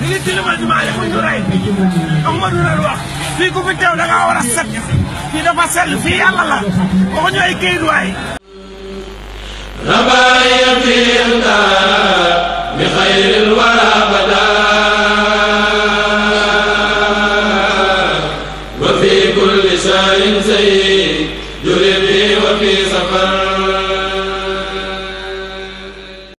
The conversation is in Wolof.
ñu ngi tilimal jumaa yi buñ ñu rey Ahmadou Rar wax fii ku fi teew da ngaa war a set fii dafa sell fii yàlla la waxuñu ay kayit waay say